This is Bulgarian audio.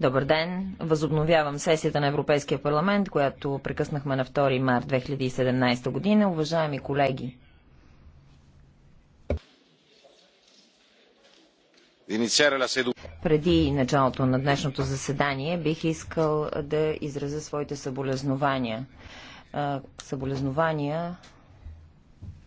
Добър ден! Възобновявам сесията на Европейския парламент, която прекъснахме на 2 март 2017 година. Уважаеми колеги, преди началото на днешното заседание бих искал да изразя своите съболезнования. Съболезнования